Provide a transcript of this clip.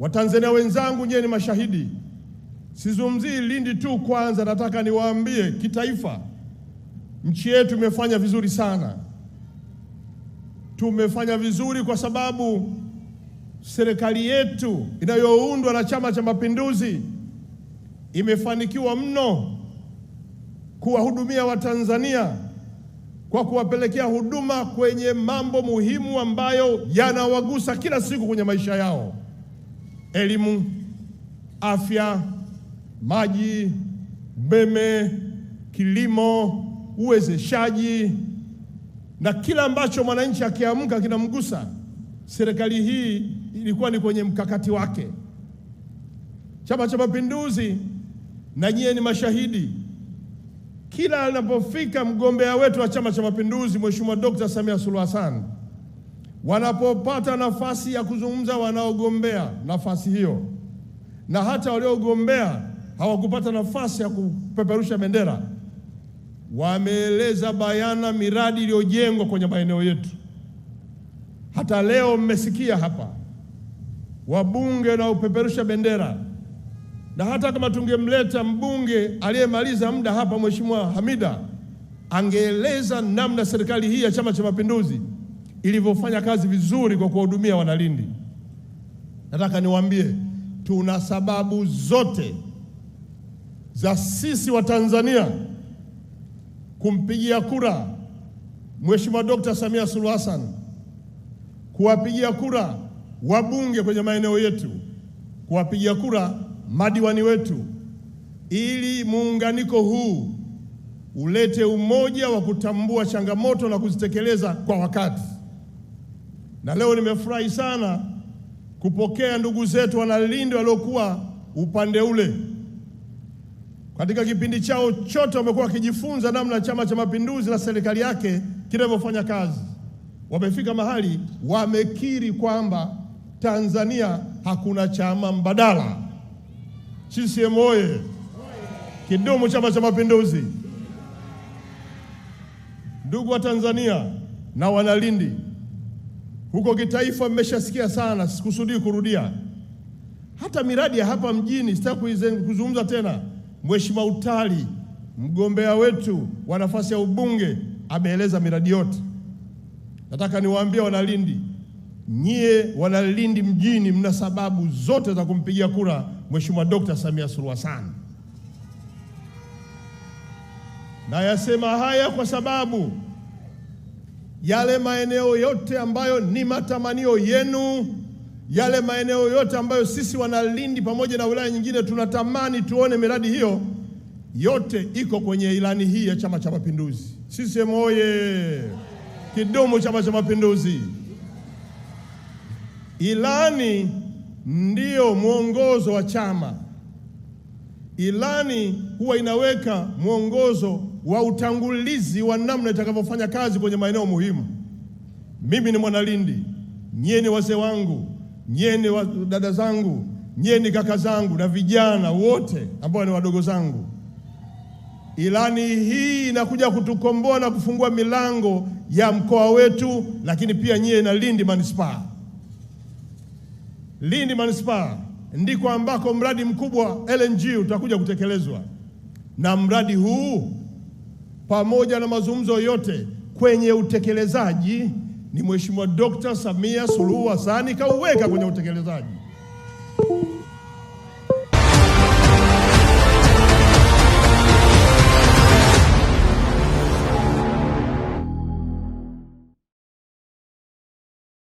Watanzania wenzangu, nyewe ni mashahidi. Sizungumzii Lindi tu. Kwanza nataka niwaambie kitaifa, nchi yetu imefanya vizuri sana. Tumefanya vizuri kwa sababu serikali yetu inayoundwa na Chama cha Mapinduzi imefanikiwa mno kuwahudumia Watanzania kwa kuwapelekea huduma kwenye mambo muhimu ambayo yanawagusa kila siku kwenye maisha yao elimu, afya, maji, umeme, kilimo, uwezeshaji na kila ambacho mwananchi akiamka kinamgusa, serikali hii ilikuwa ni kwenye mkakati wake. Chama cha Mapinduzi, na nyie ni mashahidi, kila anapofika mgombea wetu wa Chama cha Mapinduzi, Mheshimiwa Dkt. Samia Suluhu Hassan wanapopata nafasi ya kuzungumza wanaogombea nafasi hiyo, na hata waliogombea hawakupata nafasi ya kupeperusha bendera, wameeleza bayana miradi iliyojengwa kwenye maeneo yetu. Hata leo mmesikia hapa wabunge upeperusha bendera, na hata kama tungemleta mbunge aliyemaliza muda hapa, Mheshimiwa Hamida, angeeleza namna serikali hii ya Chama cha Mapinduzi ilivyofanya kazi vizuri kwa kuwahudumia Wanalindi. Nataka niwaambie tuna sababu zote za sisi wa Tanzania kumpigia kura Mheshimiwa Dkt. Samia Suluhu Hassan, kuwapigia kura wabunge kwenye maeneo yetu, kuwapigia kura madiwani wetu, ili muunganiko huu ulete umoja wa kutambua changamoto na kuzitekeleza kwa wakati. Na leo nimefurahi sana kupokea ndugu zetu wanalindi waliokuwa upande ule katika kipindi chao chote wamekuwa wakijifunza namna Chama cha Mapinduzi na serikali yake kinavyofanya kazi. Wamefika mahali wamekiri kwamba Tanzania hakuna chama mbadala. CCM oye! Kidumu Chama cha Mapinduzi! Ndugu wa Tanzania na wanalindi huko kitaifa mmeshasikia sana, sikusudii kurudia. Hata miradi ya hapa mjini sitaki kuzungumza tena. Mheshimiwa Utali, mgombea wetu wa nafasi ya ubunge, ameeleza miradi yote. Nataka niwaambie Wanalindi, nyie Wanalindi mjini, mna sababu zote za kumpigia kura Mheshimiwa Dkt. Samia Suluhu Hassan. Nayasema haya kwa sababu yale maeneo yote ambayo ni matamanio yenu, yale maeneo yote ambayo sisi wanalindi pamoja na wilaya nyingine tunatamani tuone miradi hiyo yote iko kwenye ilani hii ya Chama cha Mapinduzi. CCM oye! Kidumu Chama cha Mapinduzi! Ilani ndiyo mwongozo wa chama. Ilani huwa inaweka mwongozo wa utangulizi wa namna itakavyofanya kazi kwenye maeneo muhimu. Mimi ni Mwanalindi, nyie ni wazee wangu, nyie ni dada zangu, nyie ni kaka zangu na vijana wote ambao ni wadogo zangu. Ilani hii inakuja kutukomboa na kufungua milango ya mkoa wetu, lakini pia nyie na Lindi manispaa, Lindi manispaa ndiko ambako mradi mkubwa LNG utakuja kutekelezwa, na mradi huu pamoja na mazungumzo yote kwenye utekelezaji ni Mheshimiwa dr Samia Suluhu Hassan kauweka kwenye utekelezaji.